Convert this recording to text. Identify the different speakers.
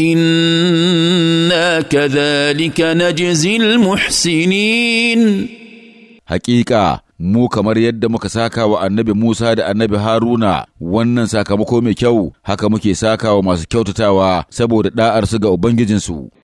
Speaker 1: إنا
Speaker 2: كذلك نجزي المحسنين
Speaker 1: حقيقة mu kamar yadda muka saka wa annabi Musa da annabi Haruna wannan sakamako mai kyau haka muke saka wa masu kyautatawa
Speaker 3: saboda su ga Ubangijinsu.